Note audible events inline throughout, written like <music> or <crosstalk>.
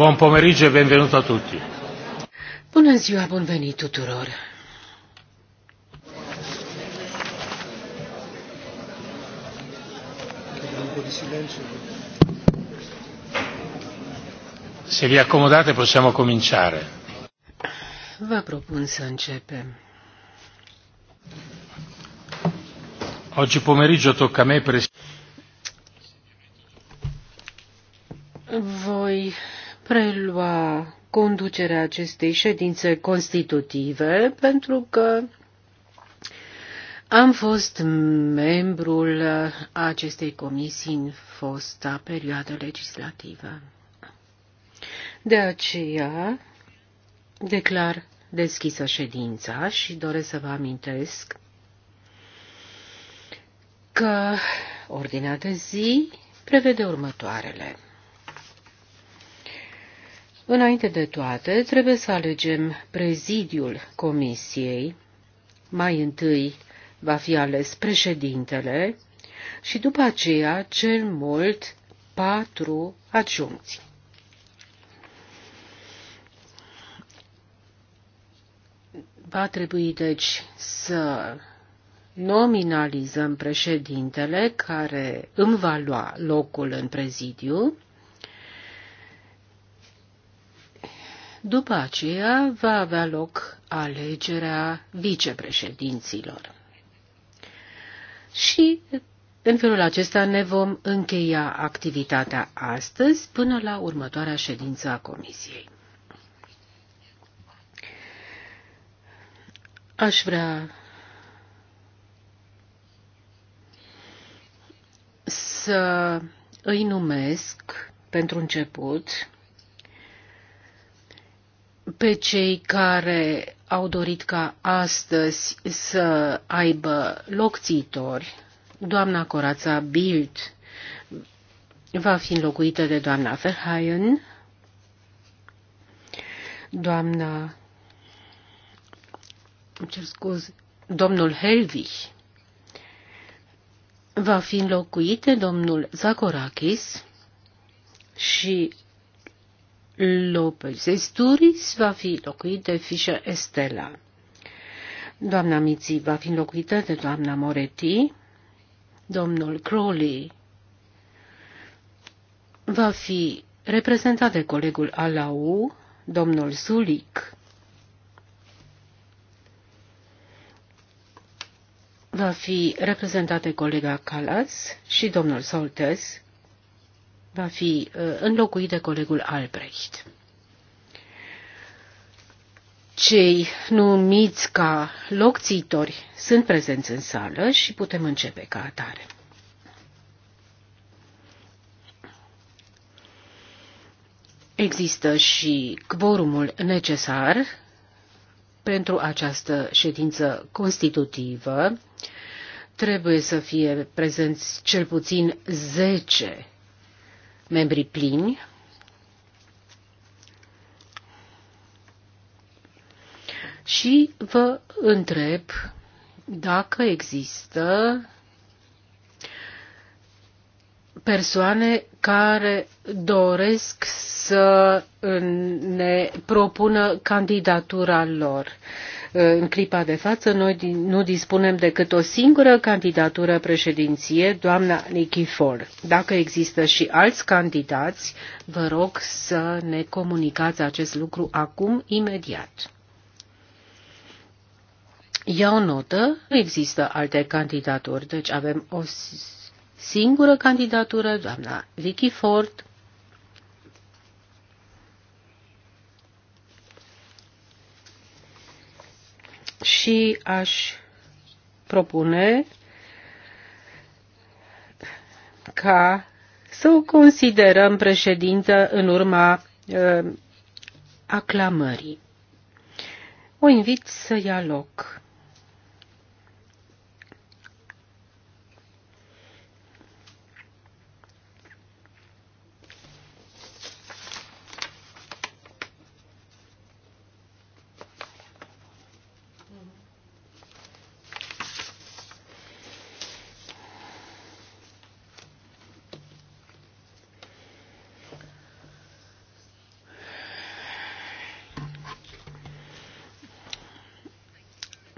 Buon pomeriggio e benvenuto a tutti. Bună ziua, bun venit tuturor. Se vi accomodate possiamo cominciare. Vă propun să începem. Oggi pomeriggio tocca a me presiedere. Voi prelua conducerea acestei ședințe constitutive pentru că am fost membrul acestei comisii în fosta perioadă legislativă. De aceea declar deschisă ședința și doresc să vă amintesc că ordinea de zi prevede următoarele. Înainte de toate, trebuie să alegem prezidiul comisiei. Mai întâi va fi ales președintele și după aceea cel mult patru adjuncți. Va trebui deci să nominalizăm președintele care îmi va lua locul în prezidiu După aceea va avea loc alegerea vicepreședinților. Și în felul acesta ne vom încheia activitatea astăzi până la următoarea ședință a Comisiei. Aș vrea să îi numesc pentru început pe cei care au dorit ca astăzi să aibă locțitori. Doamna Corața Bild va fi înlocuită de doamna Verheyen. Doamna, cer scuz, domnul Helvich va fi înlocuit de domnul Zakorakis și Lopez Esturis va fi locuit de Fisher Estela. Doamna Miții va fi înlocuită de doamna Moretti. Domnul Crowley va fi reprezentat de colegul Alau, domnul Sulic. Va fi reprezentat de colega Calas și domnul Soltes va fi uh, înlocuit de colegul Albrecht. Cei numiți ca locțitori sunt prezenți în sală și putem începe ca atare. Există și quorumul necesar pentru această ședință constitutivă. Trebuie să fie prezenți cel puțin 10 membrii plini. Și vă întreb dacă există persoane care doresc să ne propună candidatura lor. Uh, în clipa de față, noi nu dispunem decât o singură candidatură președinție, doamna Nikki Ford. Dacă există și alți candidați, vă rog să ne comunicați acest lucru acum, imediat. Iau notă, nu există alte candidaturi, deci avem o singură candidatură, doamna Vicky Ford, și aș propune ca să o considerăm președintă în urma uh, aclamării. O invit să ia loc.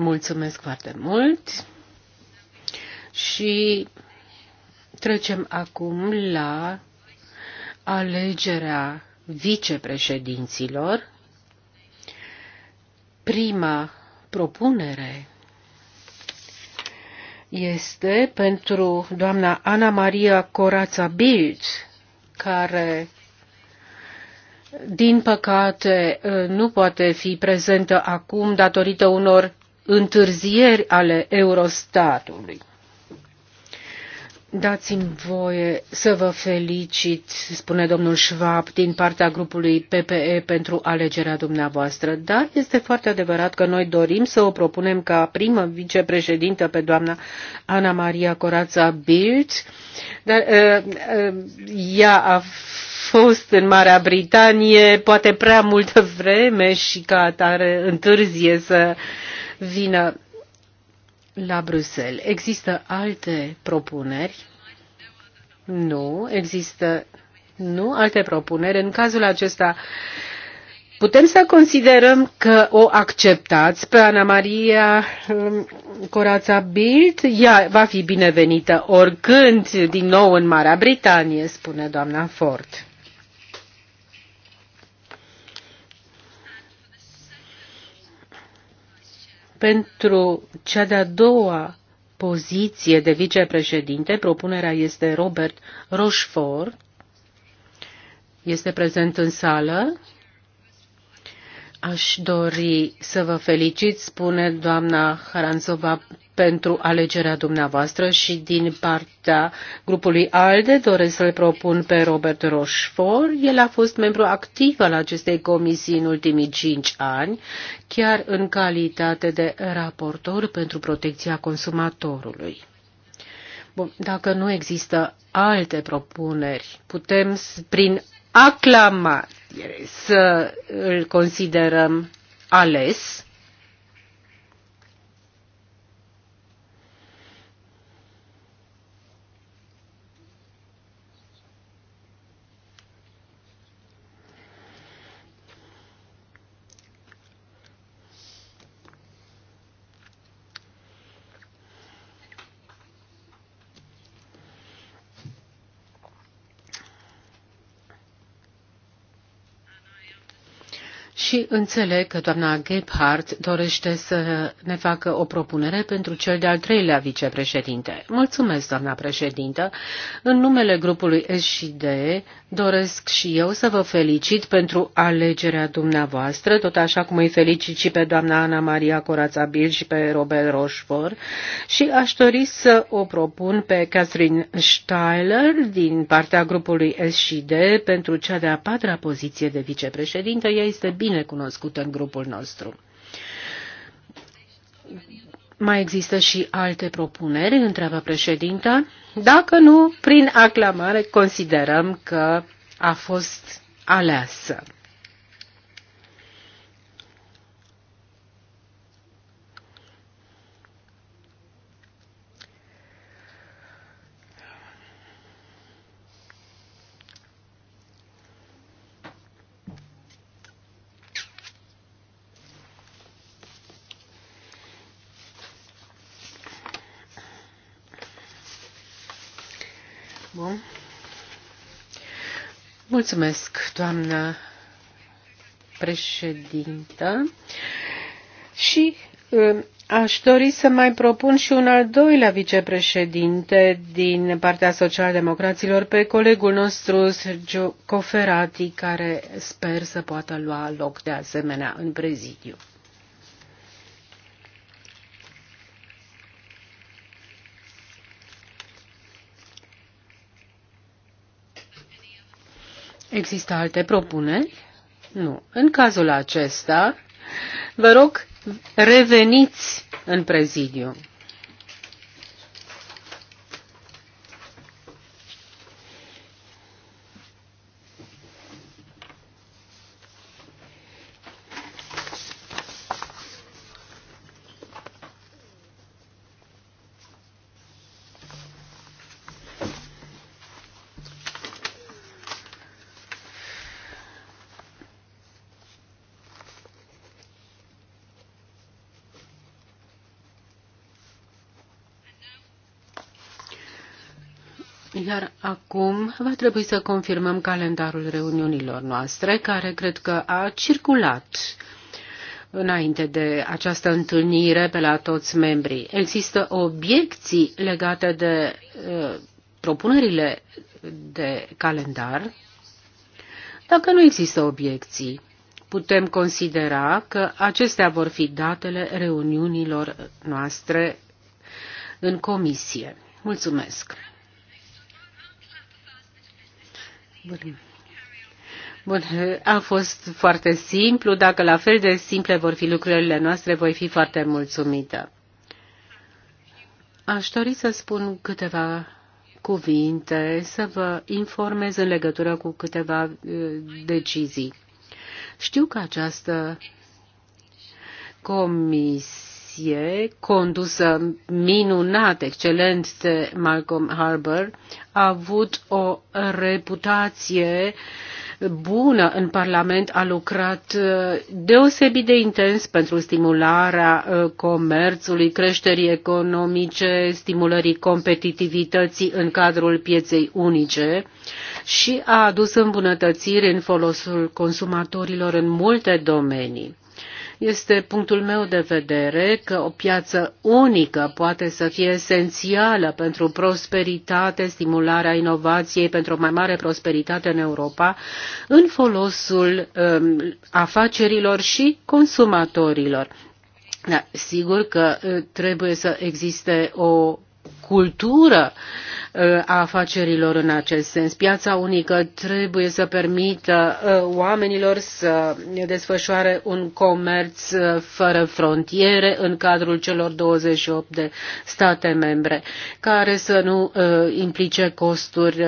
Mulțumesc foarte mult și trecem acum la alegerea vicepreședinților. Prima propunere este pentru doamna Ana Maria Corața Bild, care din păcate nu poate fi prezentă acum datorită unor întârzieri ale Eurostatului. Dați-mi voie să vă felicit, spune domnul Schwab, din partea grupului PPE pentru alegerea dumneavoastră, dar este foarte adevărat că noi dorim să o propunem ca primă vicepreședintă pe doamna Ana Maria Corața Bilt, dar uh, uh, ea a fost în Marea Britanie poate prea multă vreme și ca atare întârzie să uh, vină la Bruxelles. Există alte propuneri? Nu, există nu alte propuneri. În cazul acesta putem să considerăm că o acceptați pe Ana Maria um, Corața Bild? Ea va fi binevenită oricând din nou în Marea Britanie, spune doamna Ford. Pentru cea de-a doua poziție de vicepreședinte, propunerea este Robert Rochefort. Este prezent în sală. Aș dori să vă felicit, spune doamna Haranzova, pentru alegerea dumneavoastră și din partea grupului ALDE doresc să-l propun pe Robert Rochefort. El a fost membru activ al acestei comisii în ultimii cinci ani, chiar în calitate de raportor pentru protecția consumatorului. Bun, dacă nu există alte propuneri, putem prin aclamat să îl considerăm ales și înțeleg că doamna Gebhardt dorește să ne facă o propunere pentru cel de-al treilea vicepreședinte. Mulțumesc, doamna președintă. În numele grupului SD doresc și eu să vă felicit pentru alegerea dumneavoastră, tot așa cum îi felicit și pe doamna Ana Maria Corața Bil și pe Robert Rochefort și aș dori să o propun pe Catherine Steiler din partea grupului SD pentru cea de-a patra poziție de vicepreședinte. Ea este bine bine cunoscută în grupul nostru. Mai există și alte propuneri, întreabă președinta. Dacă nu, prin aclamare considerăm că a fost aleasă. Mulțumesc, doamnă președintă. Și uh, Aș dori să mai propun și un al doilea vicepreședinte din partea socialdemocraților pe colegul nostru Sergio Coferati, care sper să poată lua loc de asemenea în prezidiu. Există alte propuneri? Nu. În cazul acesta, vă rog, reveniți în prezidiu. Iar acum va trebui să confirmăm calendarul reuniunilor noastre, care cred că a circulat înainte de această întâlnire pe la toți membrii. Există obiecții legate de uh, propunerile de calendar? Dacă nu există obiecții, putem considera că acestea vor fi datele reuniunilor noastre în comisie. Mulțumesc! Bun. Bun, a fost foarte simplu. Dacă la fel de simple vor fi lucrurile noastre, voi fi foarte mulțumită. Aș dori să spun câteva cuvinte, să vă informez în legătură cu câteva uh, decizii. Știu că această comisie comisie condusă minunat, excelent de Malcolm Harbour a avut o reputație bună în Parlament, a lucrat uh, deosebit de intens pentru stimularea uh, comerțului, creșterii economice, stimulării competitivității în cadrul pieței unice și a adus îmbunătățiri în folosul consumatorilor în multe domenii. Este punctul meu de vedere că o piață unică poate să fie esențială pentru prosperitate, stimularea inovației, pentru o mai mare prosperitate în Europa, în folosul um, afacerilor și consumatorilor. Da, sigur că uh, trebuie să existe o cultură uh, a afacerilor în acest sens. Piața unică trebuie să permită uh, oamenilor să desfășoare un comerț uh, fără frontiere în cadrul celor 28 de state membre, care să nu implice costuri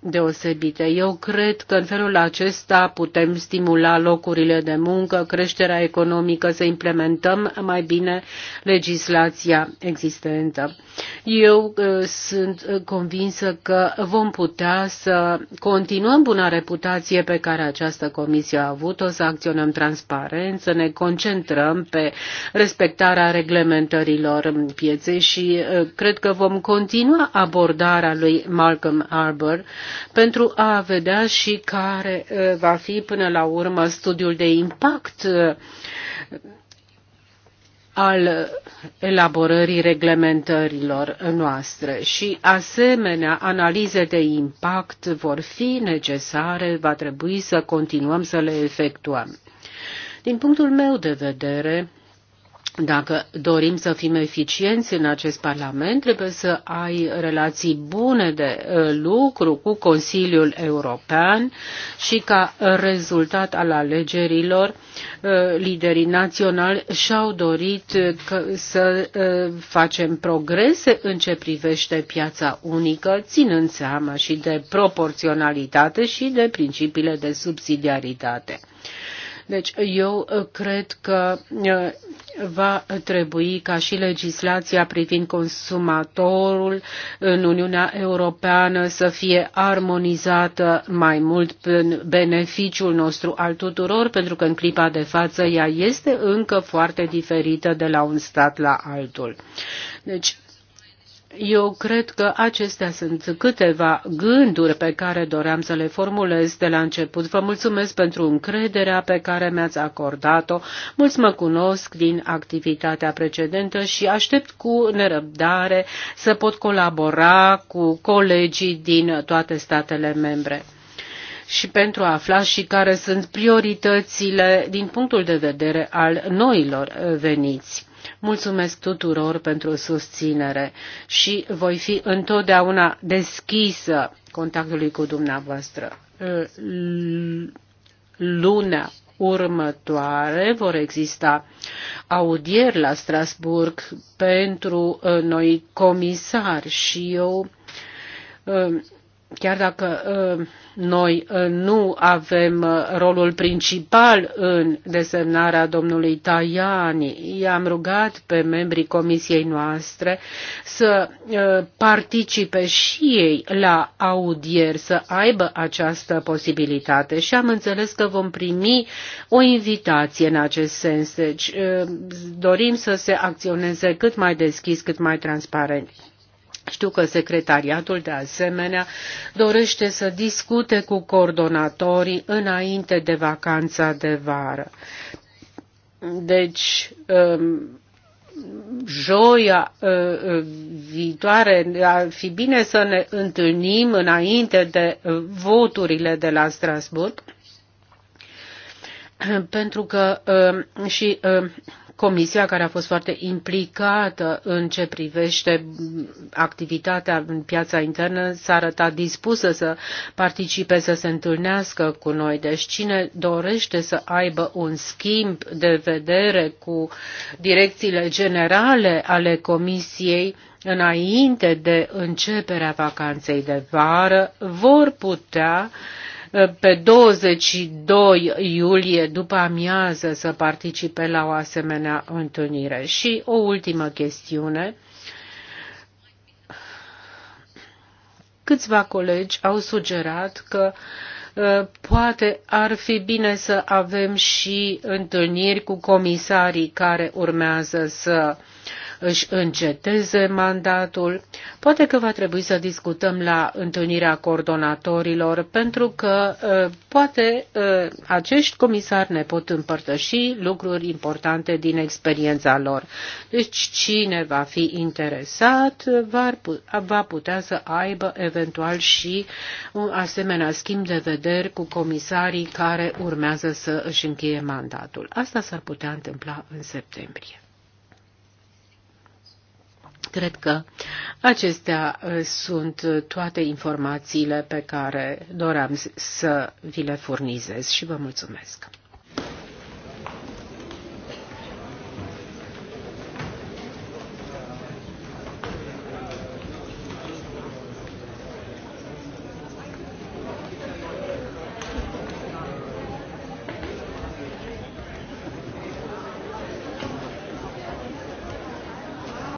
deosebite. Eu cred că în felul acesta putem stimula locurile de muncă, creșterea economică, să implementăm mai bine legislația existentă. Eu eu uh, sunt uh, convinsă că vom putea să continuăm buna reputație pe care această comisie a avut-o, să acționăm transparent, să ne concentrăm pe respectarea reglementărilor pieței și uh, cred că vom continua abordarea lui Malcolm Arbor pentru a vedea și care va fi până la urmă studiul de impact al elaborării reglementărilor noastre și asemenea analize de impact vor fi necesare, va trebui să continuăm să le efectuăm. Din punctul meu de vedere, dacă dorim să fim eficienți în acest Parlament, trebuie să ai relații bune de uh, lucru cu Consiliul European și ca rezultat al alegerilor, uh, liderii naționali și-au dorit uh, să facem progrese în ce privește piața unică, ținând seama și de proporționalitate și de principiile de subsidiaritate. Deci eu cred că va trebui ca și legislația privind consumatorul în Uniunea Europeană să fie armonizată mai mult în beneficiul nostru al tuturor, pentru că în clipa de față ea este încă foarte diferită de la un stat la altul. Deci, eu cred că acestea sunt câteva gânduri pe care doream să le formulez de la început. Vă mulțumesc pentru încrederea pe care mi-ați acordat-o. Mulți mă cunosc din activitatea precedentă și aștept cu nerăbdare să pot colabora cu colegii din toate statele membre și pentru a afla și care sunt prioritățile din punctul de vedere al noilor veniți Mulțumesc tuturor pentru susținere și voi fi întotdeauna deschisă contactului cu dumneavoastră. Luna următoare vor exista audieri la Strasburg pentru uh, noi comisari și eu uh, chiar dacă ă, noi ă, nu avem ă, rolul principal în desemnarea domnului Tajani, i-am rugat pe membrii comisiei noastre să participe și ei la audieri, să aibă această posibilitate și am înțeles că vom primi o invitație în acest sens. Deci dorim să se acționeze cât mai deschis, cât mai transparent. Știu că secretariatul, de asemenea, dorește să discute cu coordonatorii înainte de vacanța de vară. Deci, um, joia uh, uh, viitoare ar fi bine să ne întâlnim înainte de uh, voturile de la Strasburg, <clears throat> pentru că um, și um, Comisia care a fost foarte implicată în ce privește activitatea în piața internă s-a arătat dispusă să participe, să se întâlnească cu noi. Deci cine dorește să aibă un schimb de vedere cu direcțiile generale ale Comisiei, înainte de începerea vacanței de vară vor putea uh, pe 22 iulie după amiază să participe la o asemenea întâlnire. Și o ultimă chestiune. Câțiva colegi au sugerat că ă, poate ar fi bine să avem și întâlniri cu comisarii care urmează să uh, își înceteze mandatul. Poate că va trebui să discutăm la întâlnirea coordonatorilor, pentru că poate acești comisari ne pot împărtăși lucruri importante din experiența lor. Deci cine va fi interesat va putea să aibă eventual și un asemenea schimb de vederi cu comisarii care urmează să își încheie mandatul. Asta s-ar putea întâmpla în septembrie. Cred că acestea uh, sunt toate informațiile pe care doream să vi le furnizez și vă mulțumesc.